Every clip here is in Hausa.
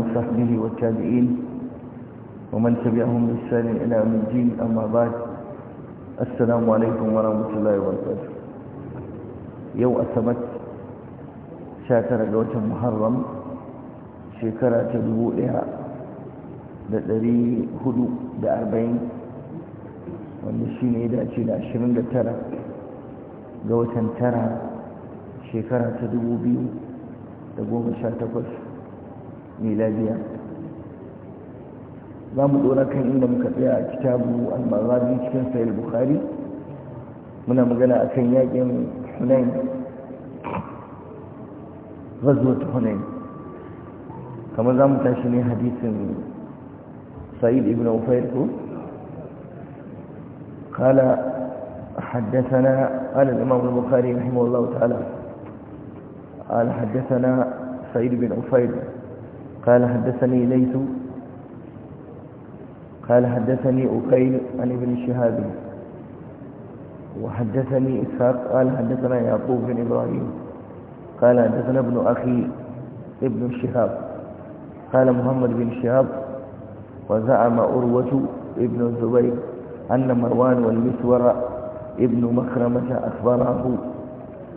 وصحبه والتابعين ومن تبعهم بإحسان إلى يوم الدين أما بعد السلام عليكم ورحمة الله وبركاته يو أسبت شاكر قوة محرم شكرة تدبوئها لدري هدو بأربعين والنشين إذا أجل عشرين لترى قوة ترى shekara ta dubu biyu da goma sha takwas miladiya za mu dora kan inda muka tsaya a kitabu al-maghazi cikin sahih bukhari muna magana akan yakin hunain ghazwat hunain kamar za mu tashi ne hadisin sa'id ibn ufair ko قال حدثنا قال الإمام البخاري رحمه الله تعالى قال حدثنا سعيد بن عفير قال حدثني ليث قال حدثني أكيل عن ابن شهاب وحدثني إسحاق قال حدثنا يعقوب بن إبراهيم قال حدثنا ابن أخي ابن شهاب قال محمد بن شهاب وزعم أروة ابن الزبير أن مروان والمسور ابن مخرمة أخبره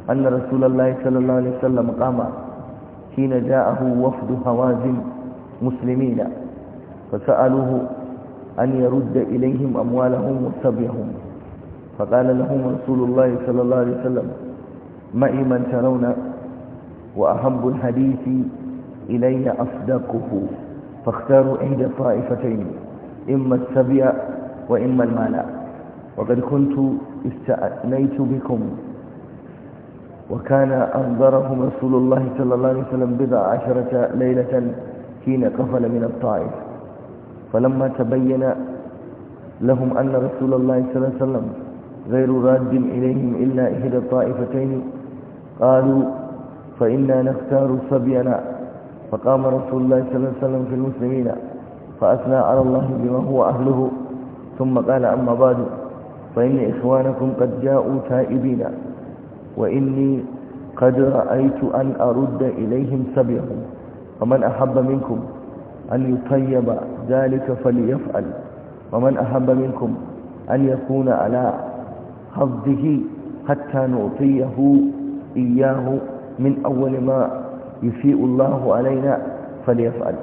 أن رسول الله صلى الله عليه وسلم قام حين جاءه وفد هوازن مسلمين فسألوه أن يرد إليهم أموالهم وسبيهم فقال لهم رسول الله صلى الله عليه وسلم معي من ترون وأحب الحديث إلي أصدقه فاختاروا إحدى الطائفتين إما السبي وإما المال وقد كنت استأنيت بكم وكان أنظرهم رسول الله صلى الله عليه وسلم بضع عشرة ليلة حين قفل من الطائف فلما تبين لهم أن رسول الله صلى الله عليه وسلم غير راد إليهم إلا إحدى الطائفتين قالوا فإنا نختار صبينا فقام رسول الله صلى الله عليه وسلم في المسلمين فأثنى على الله بما هو أهله ثم قال أما بعد فإن إخوانكم قد جاءوا تائبين وإني قد رأيت أن أرد إليهم سبيهم فمن أحب منكم أن يطيب ذلك فليفعل ومن أحب منكم أن يكون على حظه حتى نعطيه إياه من أول ما يفيء الله علينا فليفعل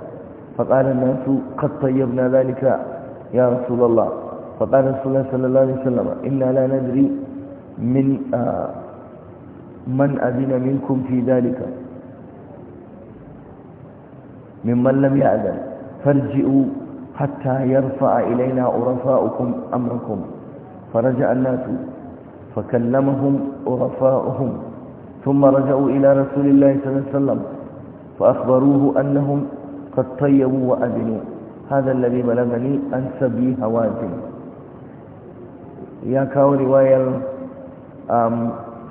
فقال الناس قد طيبنا ذلك يا رسول الله فقال رسول الله صلى الله عليه وسلم إنا لا ندري من آه من أذن منكم في ذلك ممن لم يأذن فارجئوا حتى يرفع إلينا عرفاؤكم أمركم فرجع الناس فكلمهم عرفاؤهم ثم رجعوا إلى رسول الله صلى الله عليه وسلم فأخبروه أنهم قد طيبوا وأذنوا هذا الذي بلغني عن سبي هوازن يا كاو رواية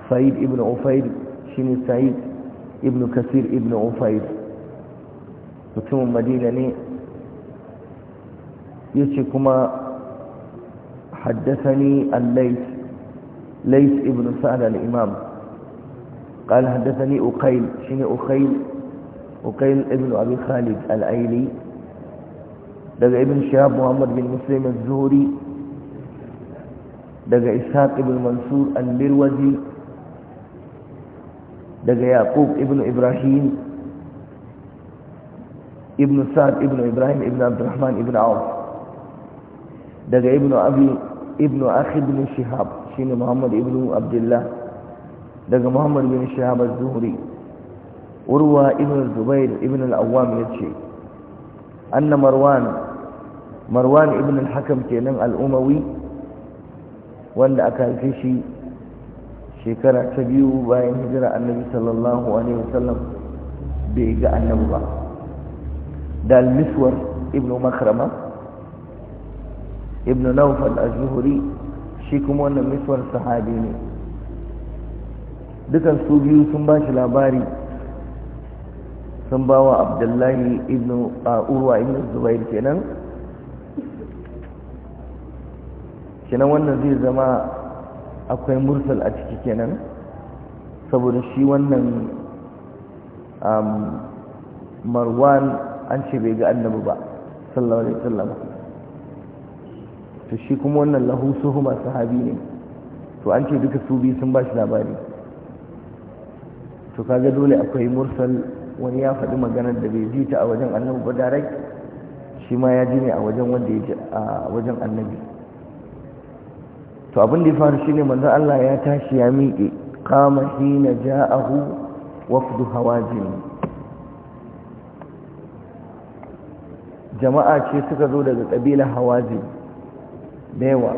sa'id ibn ufair shine sa'id ibn kasir ibn ufair mutumin madina ne yace kuma حدثني الليث ليث ابن سعد الإمام قال حدثني أقيل شنو أقيل أقيل ابن أبي خالد الأيلي دقى ابن شهاب محمد بن مسلم الزهري دقى إسحاق ابن منصور المروزي daga yaqub Ibnu ibrahim Ibnu sa'd Ibnu ibrahim Ibnu abdurrahman Ibnu auf daga Ibnu abi ibn akhi ibn shihab shine muhammad Ibnu abdullah daga muhammad ibn shihab az-zuhri urwa Ibnu zubair ibn al-awwam yace anna marwan marwan ibn al-hakam kenan al-umawi wanda aka haife shi shekara ta biyu bayan hijira annabi sallallahu alaihi wasallam bai ga annabi ba da al-miswar ibnu makrama ibnu nawfal az-zuhri shi kuma wannan miswar sahabi ne dukan su biyu sun ba shi labari sun ba wa abdullahi ibnu urwa ibnu zubair kenan kenan wannan zai zama akwai mursal a ciki kenan saboda shi wannan um, marwan an ce bai ga annabi ba sallallahu alaihi wasallam to shi kuma wannan lahu suhuma sahabi ne to an ce duka su biyu sun bashi labari to kaga dole akwai mursal wani ya faɗi maganar da bai ji ta a wajen annabi ba direct shi ma ya ji ne a wajen wanda ya ji a wajen annabi to abin da ya faru shine manzon Allah ya tashi ya miƙe qama hina ja'ahu wafdu jini. jama'a ce suka zo daga kabila hawazin da yawa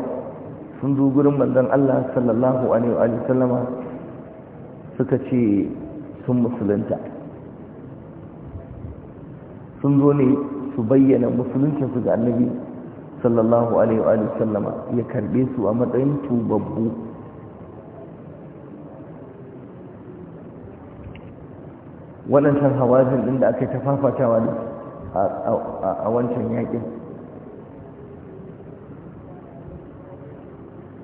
sun zo gurin manzon Allah sallallahu alaihi wa sallama suka ce sun musulunta sun zo ne su bayyana musuluncinsu ga annabi sallallahu alaihi wa sallama ya karbe su a matsayin tubabbu waɗancan hawazin ɗin da aka ta fafatawa ne a wancan yaƙin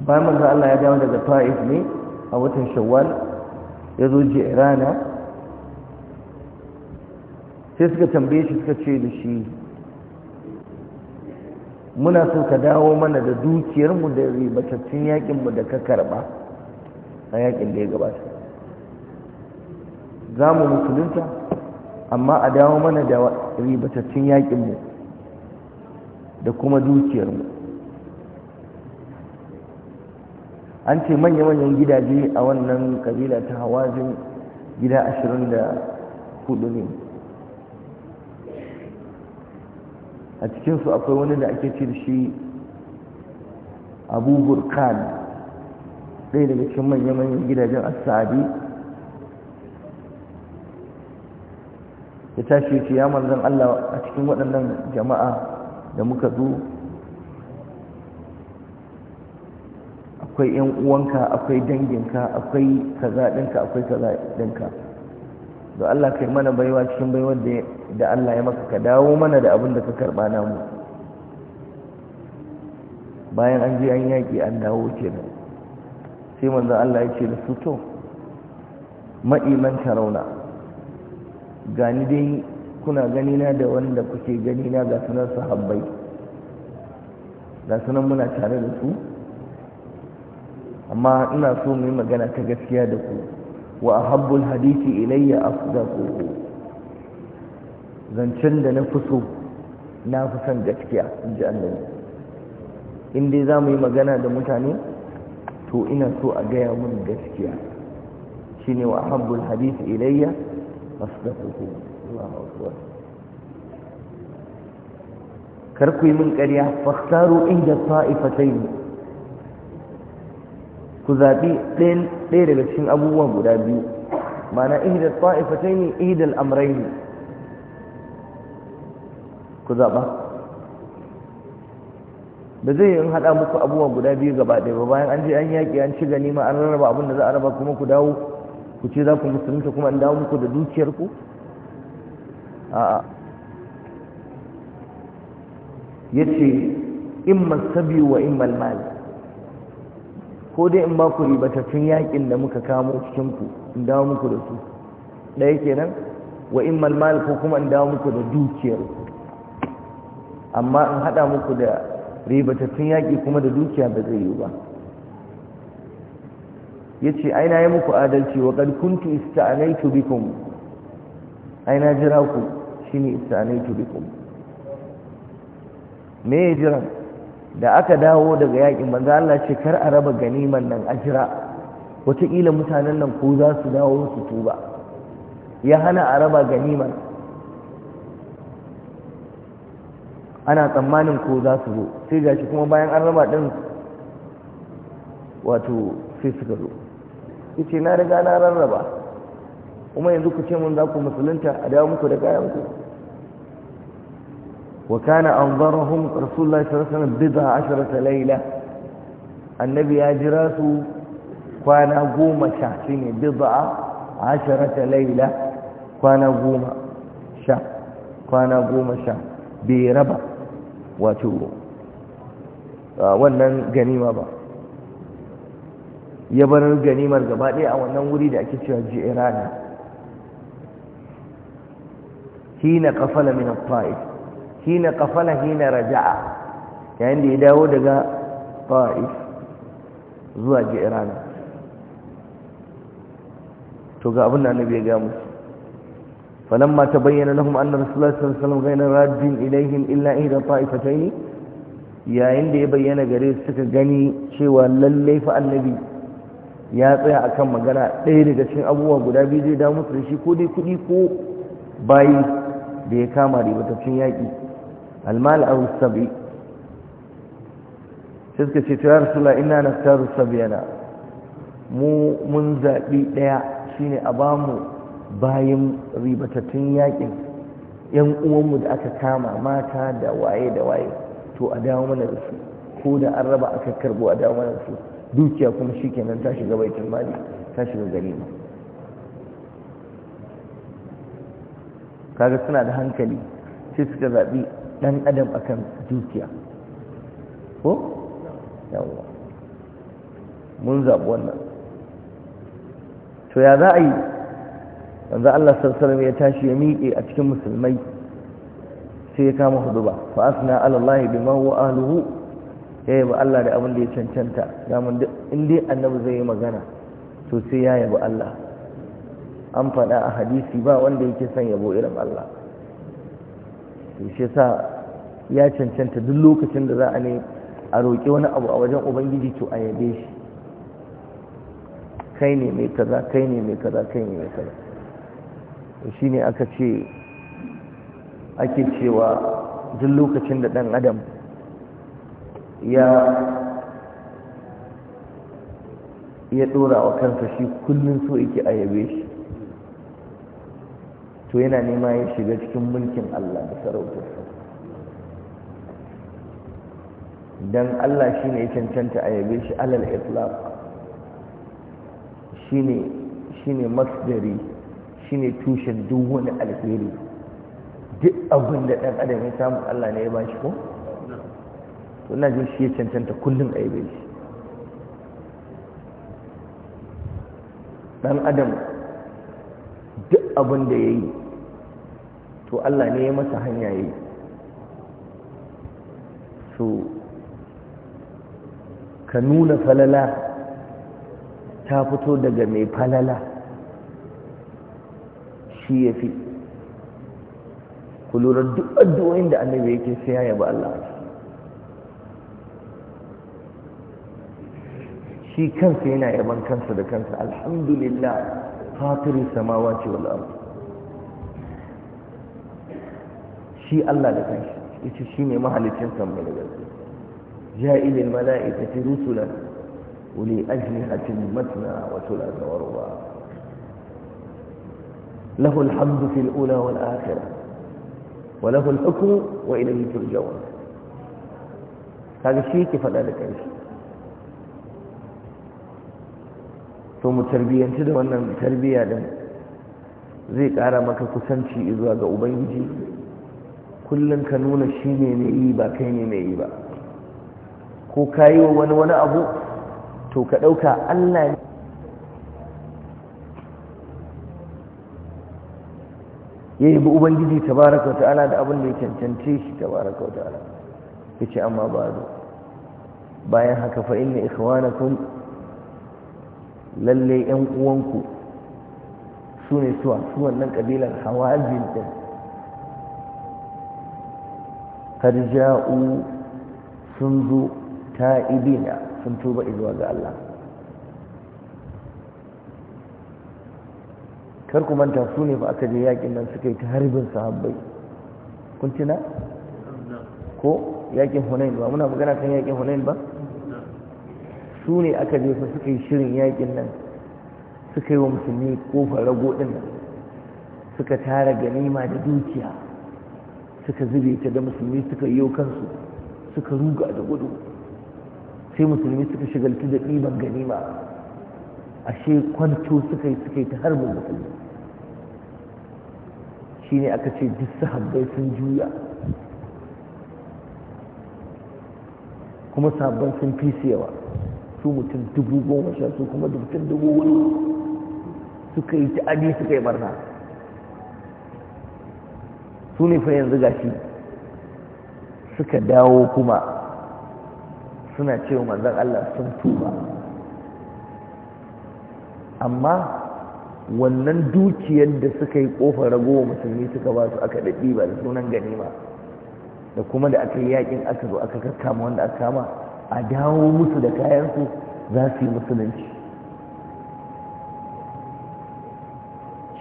bayan manzo Allah ya dawo daga Ta'if ne a watan Shawwal ya zo Jirana sai suka tambaye shi suka ce da shi muna so ka dawo mana da dukiyarmu da ribatattun yakinmu da ka karba a yakin da ya gabata za mu musulunta amma a dawo mana da ribatattun yakinmu da kuma dukiyarmu an ce manya-manyan gidaje a wannan kabila ta hawazin gida ashirin da hudu ne a cikinsu akwai wani da ake ce shi abu burkan ɗaya daga cikin manya-manyan gidajen asadi ya tashi ce ya manzan Allah a cikin waɗannan jama'a da muka zo akwai 'yan uwanka akwai danginka akwai kaza ɗinka akwai kaza ɗinka da Allah kai mana baiwa cikin baiwar da Allah ya maka ka dawo mana da abin da ka karɓa namu bayan an je an yaki an dawo kenan sai manzo Allah ya ce da su to ma'iman tarauna gani dai kuna ganina da wanda kuke gani na ga sunan sahabbai ga sunan muna tare da su amma ina so mu yi magana ta gaskiya da ku وأحب الحديث إلي أصدقه zancen da na fi so na fi son gaskiya in ji annabi in dai za mu yi magana da mutane to ina so a gaya mun gaskiya shine wa ahabbul hadith ilayya asdaquhu Allahu akbar kar ku yi min ƙarya faktaru inda ta'ifatayn ku zaɓi ɗaya daga cikin abubuwan guda biyu mana ihidar ta'ifatai ne ihidar amrai ne ku zaɓa da zai yi haɗa muku abubuwan guda biyu gaba ɗaya ba bayan an je an yaƙi an ci gani ma an rarraba abin da za a raba kuma ku dawo ku ce za ku musulunta kuma an dawo muku da dukiyarku a'a ya ce in masabi wa in malmali ko dai in ba ku ribatattun yakin da muka kamo cikinku in dawo muku da su ɗaya kenan wa in malmal ko kuma in dawo muku da dukiyar amma in haɗa muku da ribatattun yaƙi kuma da dukiya ba zai yi ba ya ce aina yi muku adalci wa a nai tubikun aina jira ku shi ne nai tubikun me ya jiran da aka dawo daga yakin manzo Allah ce kar a raba ganiman nan a jira wataƙila mutanen nan ko za su dawo su tuba ya hana a raba ganiman ana tsammanin ko za su zo sai gashi kuma bayan an raba din wato sai suka zo yace na riga na rarraba kuma yanzu ku ce mun za ku musulunta a dawo muku da kayan ku وكان أنظرهم رسول الله صلى الله عليه وسلم بضع عشرة ليلة النبي أجراته كان قوم شاحين بضع عشرة ليلة كان قوم شاح كان قوم شاح بربع وتو wannan ganima ba ya bar ganimar gaba ɗaya a wannan wuri da ake cewa ji'irana hina kafala min al-ta'if hina kafala hina raja'a yayin da ya dawo daga ta'if zuwa jiran to ga abin da annabi ya ga mu falamma tabayyana lahum anna rasulullahi sallallahu alaihi wasallam ghayra raddin ilaihim illa ila ta'ifatayn yayin da ya bayyana gare su suka gani cewa lalle fa annabi ya tsaya akan magana ɗaya daga cikin abubuwa guda biyu da musu shi ko dai kudi ko bayi da ya kama da batacin yaƙi almal aw sabi suka ce ya rasulullah inna naktaru sabiyana mu mun zaɓi ɗaya shine a bamu bayan ribatattun yakin yan uwanmu da aka kama mata da waye da waye to a dawo mana da su ko da an raba aka karbo a dawo mana da su dukiya kuma shikenan ta shiga baitul mali ta shiga ganima kaga suna da hankali sai suka zaɓi ɗan adam akan dukiya ko Allah mun zaɓi wannan to ya za a yi wanzu Allah sassarar ya tashi ya miƙe a cikin musulmai sai ya kama hudu ba fa asna alallahi bi ma huwa ahluhu ya yaba Allah da abin da ya cancanta damun in dai annabi zai yi magana to sai ya yaba Allah an faɗa a hadisi ba wanda yake son yabo irin Allah shi sa ya cancanta duk lokacin da za a ne a roƙi wani abu a wajen ubangiji to a yabe shi kai ne mai kaza kai ne mai kaza kai ne mai kaza shi ne aka ce ake cewa duk lokacin da ɗan adam ya ya ɗora wa kansa shi kullum so yake a yabe shi to yana nema ya shiga cikin mulkin Allah da sarautarsa dan Allah shine ya cancanta a yabe shi alal itlaq shine shine masdari shine tushen duk wani alheri duk abin da dan adam ya samu Allah ne ya bashi ko to ina jin shi ya cancanta kullum a yabe shi dan adam abin da ya yi to Allah ne ya masa hanya ya yi so ka nuna falala ta fito daga mai falala shi ya fi ku lura duk addu'o'in da annabi yake sai ya yaba Allah shi kansa yana yaban kansa da kansa alhamdulillah فاطر السماوات والارض شي الله لك ايش شي ما محل تنسم من الارض جاء الى الملائكه رسلا ولي اجنحه مثنى وثلاث ورباع له الحمد في الاولى والاخره وله الحكم واليه ترجعون هذا الشيء كيف هذا لك ايش to mu tarbiyyanci da wannan tarbiyya din zai ƙara maka kusanci zuwa ga ubangiji kullum ka nuna shi ne mai yi ba kai ne mai yi ba ko ka yi wa wani wani abu to ka ɗauka allah ne ya yi bi ubangiji tabaraka ta'ala da abin da ya cancance shi tabaraka ta'ala ya ce amma ba bayan haka fa'in na ikhwanakum lalle yan uwanku su ne suwa su wannan kabilar hawazin din har ja'u sun zo ibina sun tuba izuwa ga Allah kar ku manta su ne ba aka je yakin nan suka yi ta harbin sahabbai kun tuna ko yakin hunain ba muna magana kan yakin hunain ba su ne aka je su suka yi shirin yakin nan suka yi wa musulmi kofar rago ɗin nan suka tara ganima da dukiya suka zube ta da musulmi suka yi kansu suka ruga da gudu sai musulmi suka shigalci da ɗiban ganima ashe kwanto suka yi suka yi ta harbin musulmi shi ne aka ce duk sahabbai sun juya kuma sabbin sun fi yawa su mutum dubu goma sha su kuma mutum dubu wani suka yi ta'adi suka yi barna su ne fa yanzu gashi suka dawo kuma suna cewa manzan Allah sun tuba amma wannan dukiyar da suka yi kofar ragowa musulmi suka ba su aka daɗi ba da sunan ganima da kuma da aka yi yakin aka zo aka kama wanda aka kama a dawo musu da kayansu za su yi musulunci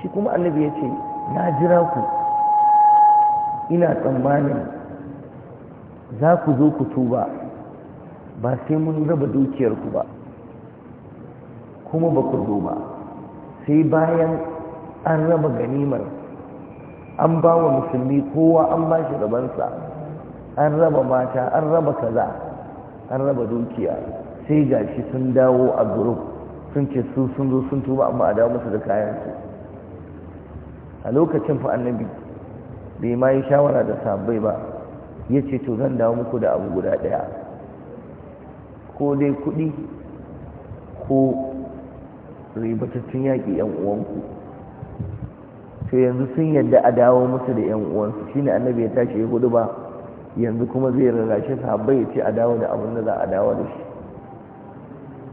shi kuma annabi ya ce na jira ku ina tsammanin za ku zo ku tuba ba sai mun raba dukiyarku ba kuma ba ku zo ba sai bayan an raba ganimar an ba wa musulmi kowa an ba shi rabansa an raba mata an raba kaza an raba dukiya sai gashi sun dawo a group sun ce su sun zo sun tuba amma a dawo musu da kayan su a lokacin fa annabi bai ma yi shawara da sabai ba ya ce to zan dawo muku da abu guda daya ko dai kuɗi ko ribatattun yaƙi yan uwanku to yanzu sun yadda a dawo musu da yan uwansu shine annabi ya tashi ya gudu ba yanzu kuma zai rarrashe sahabbai ya ce a dawo da abin da za a dawo da shi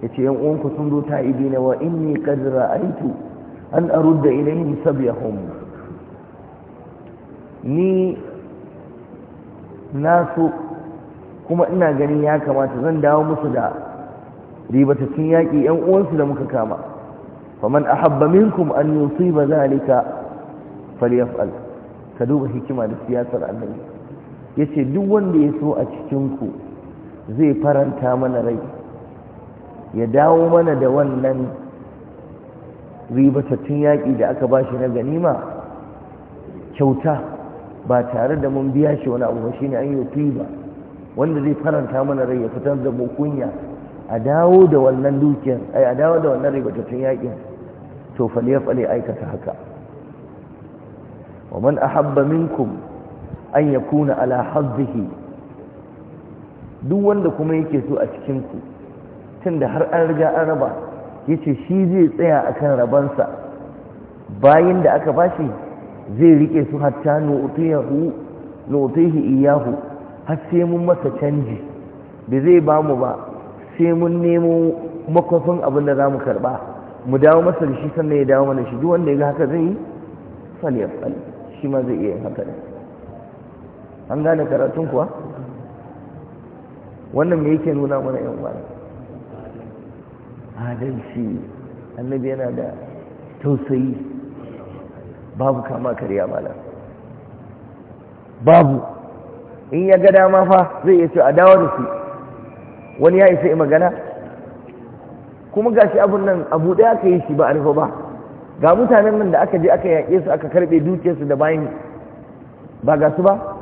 ya ce yan uwanku sun zo ta ibi na wa inni qad aitu an sab ya homu ni na so kuma ina ganin ya kamata zan dawo musu da ribatattun yaƙi yan uwansu da muka kama faman ahabba minkum an yusiba zalika falyaf'al ka duba hikima da siyasar annabi ya ce duk wanda ya so a cikinku zai faranta mana rai ya dawo mana da wannan ribatattun yaƙi da aka ba shi na ganima kyauta ba tare da mun biya shi wani abu ba shi ne an yi fi ba wanda zai faranta mana rai ya fitar da kunya a dawo da wannan dukiyar ai a dawo da wannan ribatattun yaƙin to fale ya fale aikata haka wa man ahabba minkum an kuna ala hazihi duk wanda kuma yake so a cikin ku tunda har an riga an raba yace shi zai tsaya a kan rabansa bayan da aka bashi zai rike su hatta nu'tiyahu iyahu har sai mun masa canji da zai ba mu ba sai mun nemo makwafin abin da za mu karba mu dawo masa da shi sannan ya dawo mana shi duk wanda ya ga haka zai yi fal ya fal shi ma zai iya yin haka ne an gane karatun kuwa wannan me yake nuna mana yan wani adalci annabi yana da tausayi babu kama karya mala babu in ya ga dama fa zai iya a dawo da su wani ya isa yi magana kuma gashi abun nan abu ɗaya aka yi shi ba a rufe ba ga mutanen nan da aka je aka yaƙe su aka karɓe dukiyarsu da bayan ba ga su ba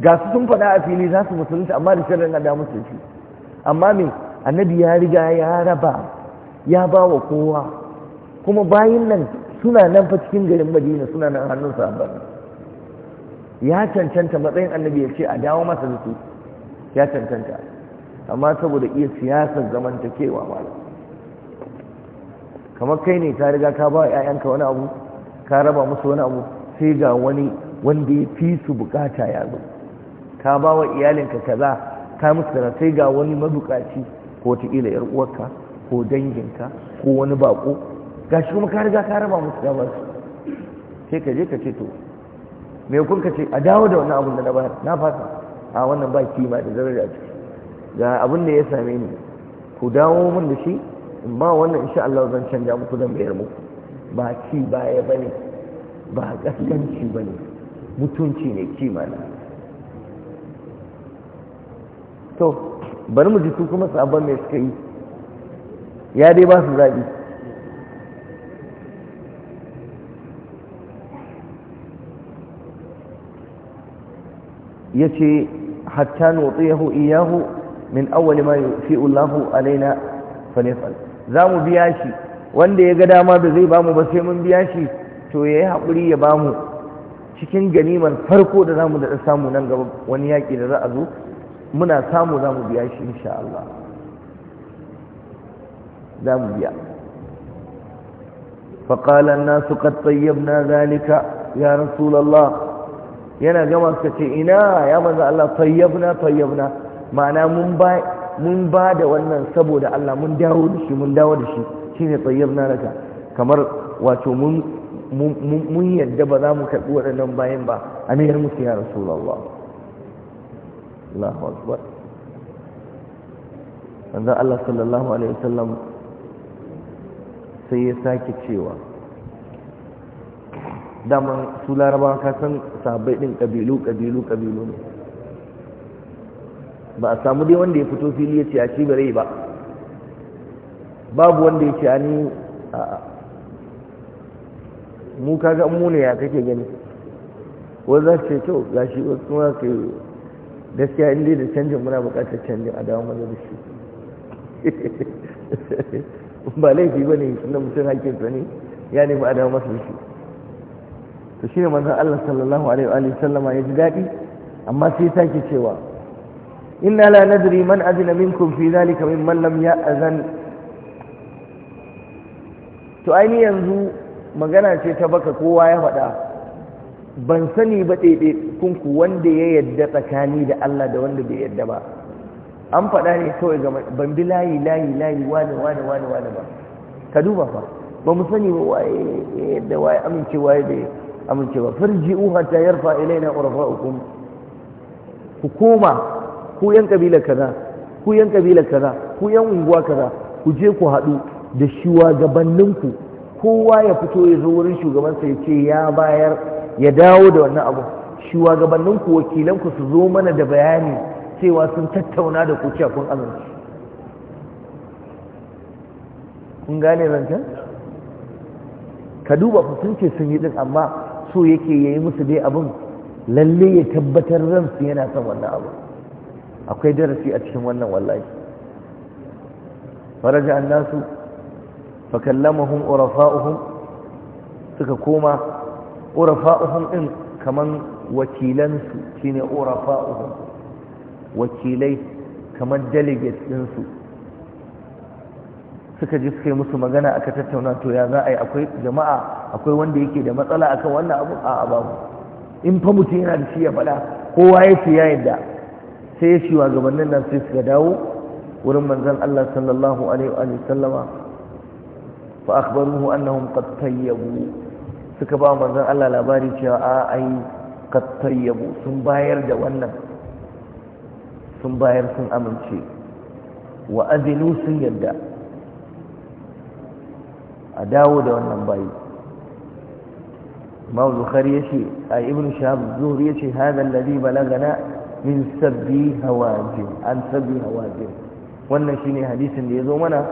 ga su sun faɗa a fili za su musulunta amma da shirin a damu shi. amma me annabi ya riga ya raba ya ba wa kowa kuma bayin nan suna nan fa cikin garin madina suna nan hannun sahabban ya cancanta matsayin annabi ya ce a dawo masa da su ya cancanta amma saboda iya siyasar zamantakewa ma kamar kai ne ka riga ka ba wa ‘ya'yanka wani abu ka raba musu wani abu sai ga wani wanda ya fi su bukata ya zo ka ba wa iyalinka kaza ka musu sai ga wani mabukaci ko ta ila yar uwarka ko danginka ko wani bako gashi kuma ka riga ka raba musu da wasu. sai ka je ka ce to me kun ka ce a dawo da wannan abun da na bayar na fasa a wannan ba kima da zarar da ciki ga abin da ya same ni ku dawo min da shi in ba wannan insha Allah zan canja muku dan bayar muku ba ci baya bane ba gaskanci bane mutunci ne kima na to bari mu ji su kuma sabon mai suka yi ya dai ba su zaɓi ya ce hatta nutsiyahu iyahu min awwali ma ullahu alaina fa za mu biya shi wanda ya ga dama da zai bamu ba sai mun biya shi to yayi haƙuri ya bamu cikin ganimar farko da zamu da samu nan gaba wani yaƙi da za a zo muna samu za mu biya shi insha Allah za mu biya faƙalan nasu ƙattayyab na zalika ya rasulallah yana gama suka ce ina ya maza Allah tayyabna tayyabna ma'ana mun ba da wannan saboda Allah mun dawo da shi mun dawo da shi shi ne tayyabna naka kamar wato mun yadda ba za mu karɓi waɗannan bayan ba a musu ya rasulallah Allahu akbar manzon Allah sallallahu alaihi wasallam sai ya sake cewa daman su larabawa ka san sahabbai din kabilu kabilu kabilu ne ba a samu dai wanda ya fito fili ya ce a ci bare ba babu wanda ya ce a ni a mu kaga mu ne ya kake gani wanda za ce kyau gashi wasu kuma ke yi gaskiya inda da canjin muna bukatar canjin a dawo mana da shi ba laifi ba ne suna mutum hakinsa ne ya nemi a dawo masa shi to shi ne manzan Allah sallallahu alaihi wa sallama ya ji daɗi amma sai sake cewa inna la nadri man azina minkum fi zalika ya lam ya'zan to ainihin yanzu magana ce ta baka kowa ya faɗa ban sani ba kunku wanda ya yadda tsakani da Allah da wanda bai yadda ba an faɗa ne kawai ga ban bi layi layi layi wane wane wane wane ba ka duba fa ba mu sani ba waye yadda waye amince waye da amince ba farji uha ta yarfa ilaina urfa'ukum ku koma ku yan kabila kaza ku yan kabila kaza ku yan unguwa kaza ku je ku haɗu da shiwa gabaninku kowa ya fito ya zo wurin shugabansa ya ce ya bayar ya dawo da wannan abu shugabanninku wakilanku su zo mana da bayani cewa sun tattauna da ku cewa kun kun gane zancen ka duba ku sun ce sun yi din amma so yake yayi musu dai abin lalle ya tabbatar ransu yana son wannan abu akwai darasi a cikin wannan wallahi faraja annasu fa kallamahum urafa'uhum suka koma urafa'uhum din kaman wakilansu shine urafa'uhum wakilai kaman delegates din su suka ji suka yi musu magana aka tattauna to ya za a yi akwai jama'a akwai wanda yake da matsala akan wannan abu a babu in fa mutum yana da shi ya faɗa kowa ya ce ya yadda sai ya shiwa gabanin nan sai suka dawo wurin manzon Allah sallallahu alaihi wa sallama fa akhbaruhu annahum qad tayyabu suka ba manzon Allah labari cewa a ai kattayyabu sun bayar da wannan sun bayar sun amince wa azinu sun yadda a dawo da wannan bayi imam bukhari yace a ibn shahab zuhri yace hadha alladhi balagana min sabbi hawajin an sabbi hawajin wannan shine hadisin da ya zo mana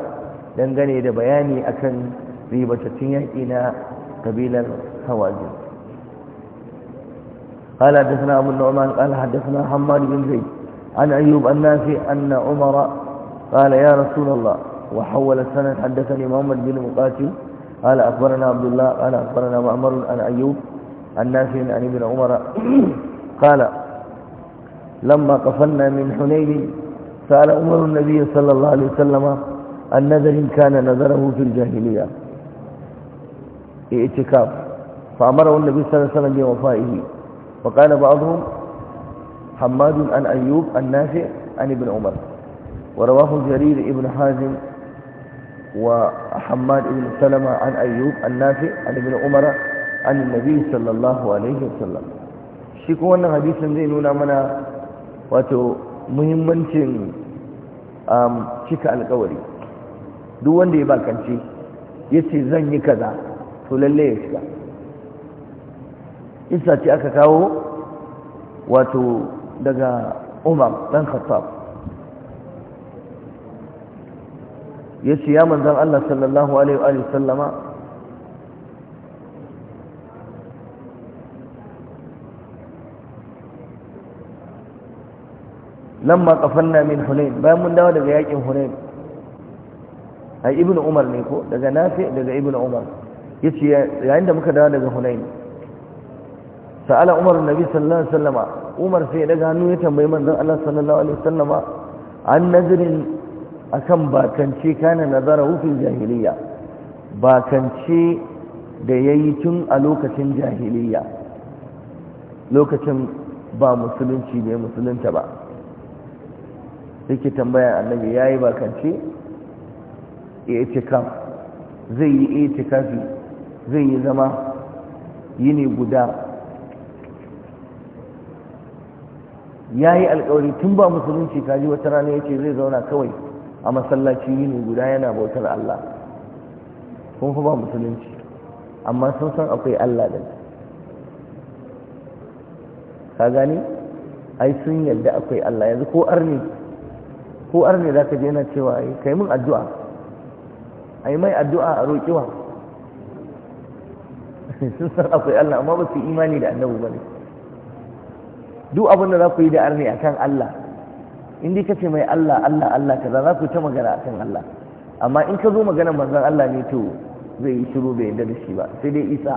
dangane da bayani akan ribatattun yaƙi na سبيل الحواجز قال حدثنا أبو النعمان قال حدثنا حماد بن زيد عن أيوب النافي أن عمر قال يا رسول الله وحول السند حدثني محمد بن مقاتل قال أخبرنا عبد الله قال أخبرنا معمر عن أيوب النافي عن ابن عمر قال لما قفلنا من حنين سأل عمر النبي صلى الله عليه وسلم عن نذر كان نذره في الجاهلية i'tikaf fa amara annabi sallallahu alaihi wasallam bi wafa'ihi wa qala ba'dhum حماد عن أيوب النافع عن ابن عمر ورواه جرير ابن حازم وحماد بن سلمة عن أيوب النافع عن ابن عمر عن النبي صلى الله عليه وسلم شكو أن حديث زي نونا منا واتو muhimmancin um, cika alkawari duk wanda ya bakanci ya ce zan yi kaza to lalle ya shiga isa ce aka kawo wato daga umar dan khattab ya ce ya manzan Allah sallallahu alaihi wa sallama lamma kafanna min hunain bayan mun dawo daga yakin hunain ai ibnu umar ne ko daga nafi daga ibnu umar yace yayin da muka dawo daga hunain sa'ala umar annabi sallallahu alaihi wasallama umar sai ya daga hannu ya tambayi manzon Allah sallallahu alaihi wasallama an nazarin akan bakance kana nazara fil jahiliya bakance da yayi tun a lokacin jahiliya lokacin ba musulunci ne musulunta ba yake tambaya annabi yayi bakance ya ce kam zai yi itikafi zai yi zama yi ne guda ya yi alkawari tun ba musulunci kaji wata rana ya ce zai zauna kawai a masallaci yi ne guda yana bautar Allah kun fi ba musulunci amma sun san akwai Allah da ka gani ai sun yadda akwai Allah yanzu ko arni ko arni za ka je yana cewa ka kai mun addu'a ai mai addu'a a roƙiwa sun san akwai Allah amma ba su imani da annabi ba ne duk abin da za ku yi da arni akan Allah in dai kace mai Allah Allah Allah kaza za ku ta magana akan Allah amma in ka zo magana manzon Allah ne to zai yi shiru bai yarda da shi ba sai dai Isa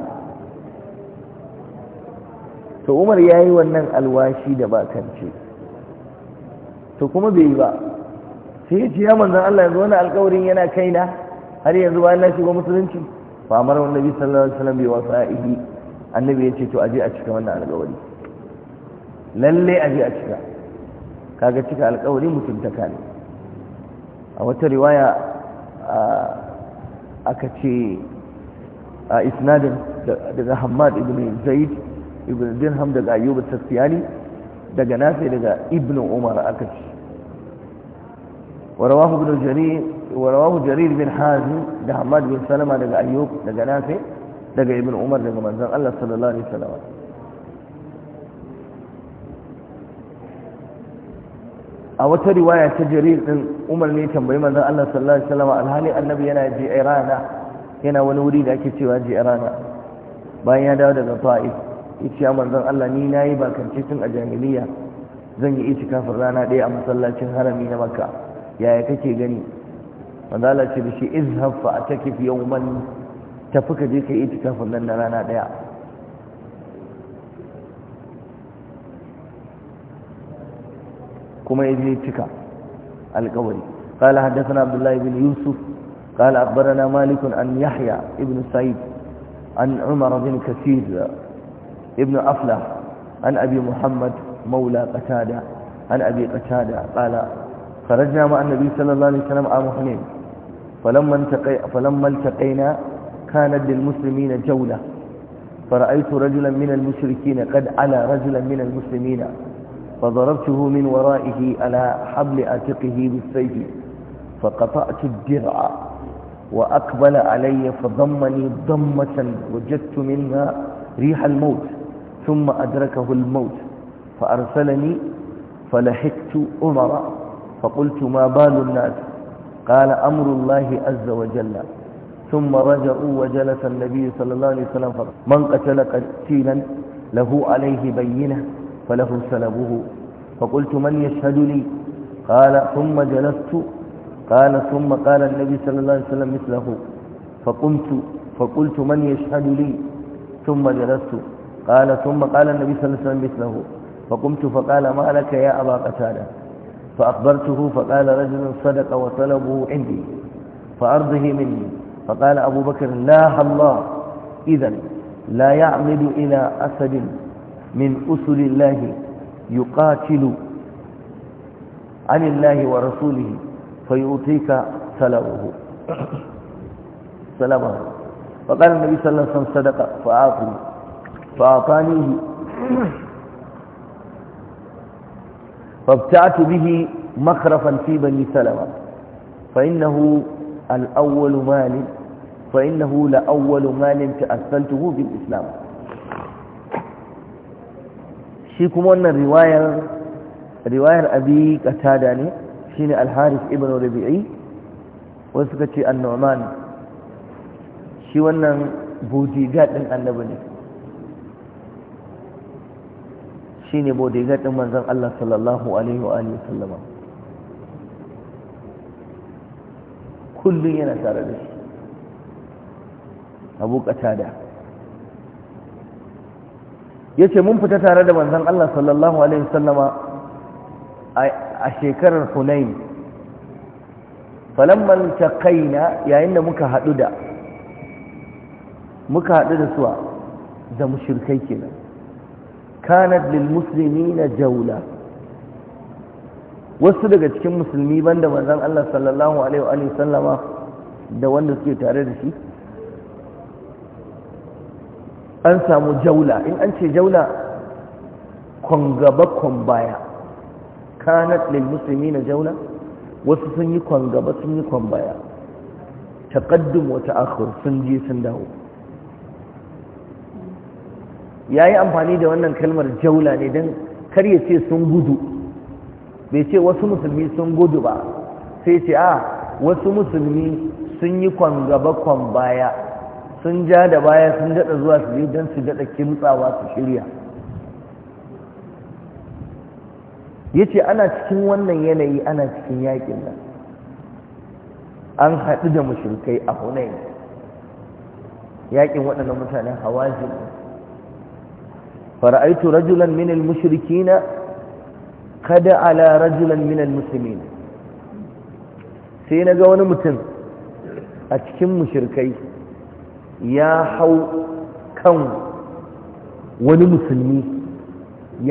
to Umar yayi wannan alwashi da ba kance to kuma bai yi ba sai ya ce ya manzon Allah yanzu wannan alƙawarin yana kaina har yanzu bayan na shiga musulunci fa wa annabi sallallahu alaihi wasallam bi wasa'ihi annabi ya ce to aje a cika wannan alƙawari lalle aje a cika kaga cika alƙawari mutuntaka ne a wata riwaya aka ce a isnadin daga Hamad ibn Zaid ibn Dirham daga Ayyub tasfiyani daga Nafi daga Ibn Umar aka ce ورواه ابن جرير ورواه جرير بن حازم ده حماد بن سلمة ده أيوب ده نافع ده ابن عمر ده منزل الله صلى الله عليه وسلم a wata riwaya ta jarir din umar ne tambayi manzon Allah sallallahu alaihi wasallam alhali annabi yana yana wani wuri da ake cewa ji'irana bayan ya dawo daga ta'if yace ya manzon Allah ni yi bakance tun a jahiliya zan yi kafin rana ɗaya a masallacin harami na makka yaya kake gani manzala ce da shi izhab fa atakif yawman tafi ka je ka yi itikafin nan na rana daya kuma ya je cika alkawari قال حدثنا عبد الله بن يوسف قال أخبرنا مالك عن يحيى ابن سعيد عن عمر بن كثير ابن أفلح عن أبي محمد مولى قتادة عن أبي قتادة قال خرجنا مع النبي صلى الله عليه وسلم عام آه حنين فلما, التقي فلما التقينا كانت للمسلمين جولة فرأيت رجلا من المشركين قد على رجلا من المسلمين فضربته من ورائه على حبل عاتقه بالسيف فقطعت الدرع وأقبل علي فضمني ضمة وجدت منها ريح الموت ثم أدركه الموت فأرسلني فلحقت أمر فقلت ما بال الناس قال أمر الله عز وجل ثم رجعوا وجلس النبي صلى الله عليه وسلم فقال من قتل قتيلا له عليه بينة فله سلبه فقلت من يشهد لي قال ثم جلست قال ثم قال النبي صلى الله عليه وسلم مثله فقمت فقلت من يشهد لي ثم جلست قال ثم قال النبي صلى الله عليه وسلم مثله فقمت فقال ما لك يا أبا قتاده فأخبرته فقال رجل صدق وطلبه عندي فأرضه مني فقال أبو بكر لا الله إذا لا يعمد إلى أسد من أسل الله يقاتل عن الله ورسوله فيؤتيك سلامه سلامه فقال النبي صلى الله عليه وسلم صدق فأعطني فأعطانيه فابتعت به مخرفا في بني سلمة فإنه الأول مال فإنه لأول مال تأثلته بالإسلام شيكم أن الرواية رواية أبي كتاداني شين الحارث ابن ربيعي وسكتي النعمان شي wannan bodyguard din annabi ne shine bodyguard din manzan Allah sallallahu alaihi wa alihi sallama kullum yana tare da shi Abu Qatada yace mun fita tare da manzan Allah sallallahu alaihi wa sallama a shekarar Hunain falamman kaina yayin da muka haɗu da muka hadu da suwa da mushrikai kenan kanat lil muslimina jaula wasu daga cikin musulmi banda manzon Allah sallallahu alaihi wa sallama da wanda suke tare da shi an samu jaula in an ce jaula kon gaba kon baya kanat lil muslimina jaula wasu sun yi kon gaba sun yi kon baya taqaddum wa ta'akhur sun je sun dawo ya yi amfani da wannan kalmar jaula ne don kar ce sun gudu bai ce wasu musulmi sun gudu ba sai ce a ah, wasu musulmi sun yi kwan baya sun ja da baya sun daɗa zuwa su yi don su daɗa kimtsawa su shirya ya ce ana cikin wannan yanayi ana cikin yakin nan an haɗu da mashirkai a hunayi yakin waɗannan mutanen hawazin فرأيت رجلا من المشركين kada ala rajulan minal muslimin sai na ga wani mutum a cikin mushirkai ya hau kan wani musulmi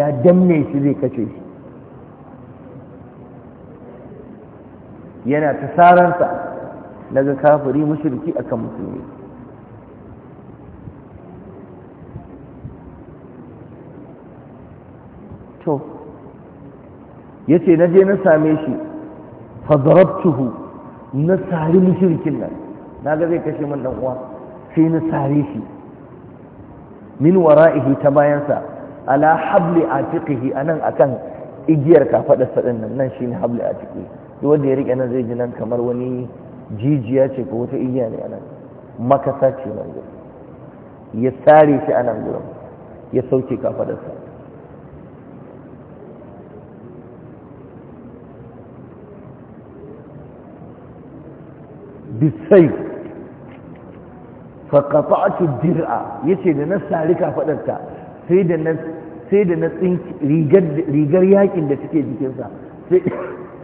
ya danne shi zai kace shi yana ta saransa daga kafiri mushirki akan musulmi Yace ya na je na same shi fadarabtuhu na sari mushirkin nan na ga zai kashe min uwa sai na sare shi min wara'ihi ta bayansa ala habli atiqihi anan akan igiyar kafadar sadin nan nan shine habli atiqi duk wanda ya rike nan zai ji nan kamar wani jijiya ce ko wata igiya ne anan makasa ce nan ya sare shi anan gurin ya sauke kafadarsa bisai faƙafa'atu dir'a ya ce da na sari kafaɗarta sai da na sai da rigar yakin da take jikinsa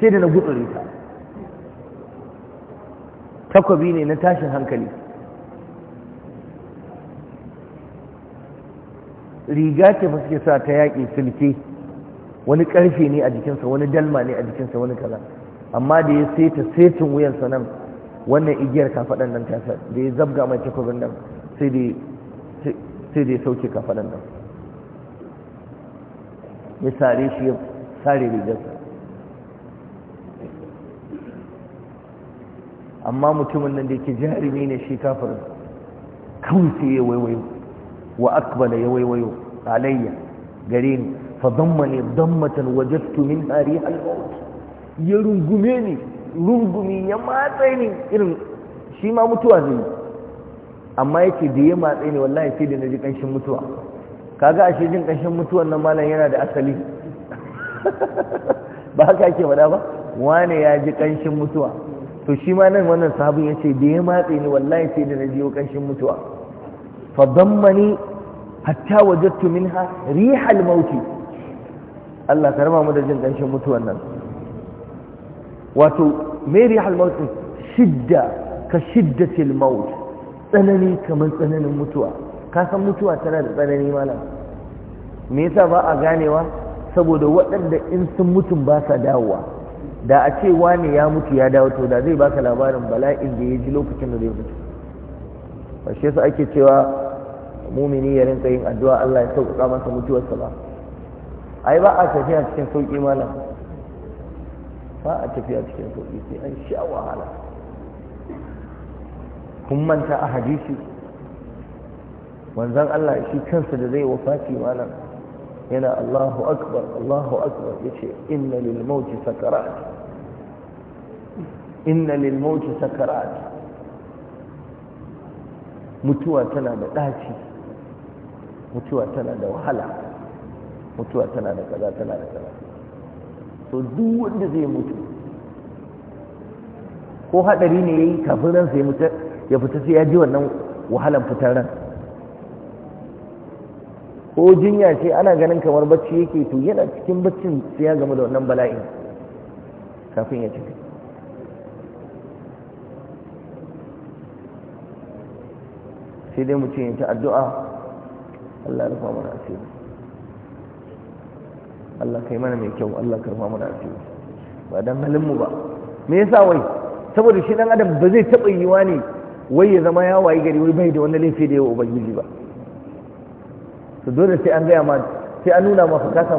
sai da na gutsure ta takwabi ne na tashin hankali riga ce ba suke sa ta yaƙi sulke wani ƙarfe ne a jikinsa wani dalma ne a jikinsa wani kaza amma da ya saita setin wuyansa nan wannan igiyar kafaɗan nan ta tasa da ya zabga mai takobin nan sai da ya sauke kafaɗan nan ya sare shi ya sare rigarsa amma mutumin nan da yake jarumi ne shi kafirin kawai sai ya waiwayo wa akbala ya waiwayo alayya gare ni fa dammani dammatan wajadtu min hari al ya rungume ni rungumi ya matsa ni irin shi ma mutuwa zai amma yake da ya matsa ni wallahi sai da na ji ƙanshin mutuwa kaga ashe jin ƙanshin mutuwan nan malam yana da asali ba haka ake wada ba wane ya ji ƙanshin mutuwa to shi ma nan wannan sabon ya ce da ya matse ni wallahi sai da na ji ƙanshin mutuwa dammani hatta wajattu minha rihal mauti Allah ka mu da jin ƙanshin mutuwan nan wato mary rihal shidda ka shidda tilmaut tsanani kamar tsananin mutuwa kasan mutuwa tana da tsanani malam me yasa ba a ganewa saboda waɗanda in sun mutum ba sa dawowa da a ce wane ya mutu ya dawo to da zai baka labarin bala'in da ya ji lokacin da zai mutu ba shi yasa ake cewa mumini ya rinka yin addu'a Allah ya sauƙaƙa masa mutuwarsa ba ai ba a tafiya cikin sauƙi malam ba a tafiya cikin sauƙi sai an sha wahala kun manta a hadisi wanzan Allah shi kansa da zai wafati malam yana Allahu akbar Allahu akbar yace inna lil mauti sakarat inna lil mauti sakarat mutuwa tana da daci mutuwa tana da wahala mutuwa tana da kaza tana da kaza to duk wanda zai mutu ko hadari ne yayi kafin ran sai mutu ya fita sai ya ji wannan wahalan fitar ran ko jinya ce ana ganin kamar bacci yake to yana cikin baccin sai ya gama da wannan bala'in kafin ya cika sai dai mu ce in ta addu'a Allah ya rufa mana asiri Allah kai mana mai kyau Allah karfa mana asiri ba dan halin mu ba me yasa wai saboda shi dan adam ba zai taba yiwa ne wai ya zama ya wayi gari wai bai da wani laifi da yawa ubangiji ba to dole sai an gaya ma sai an nuna maka ka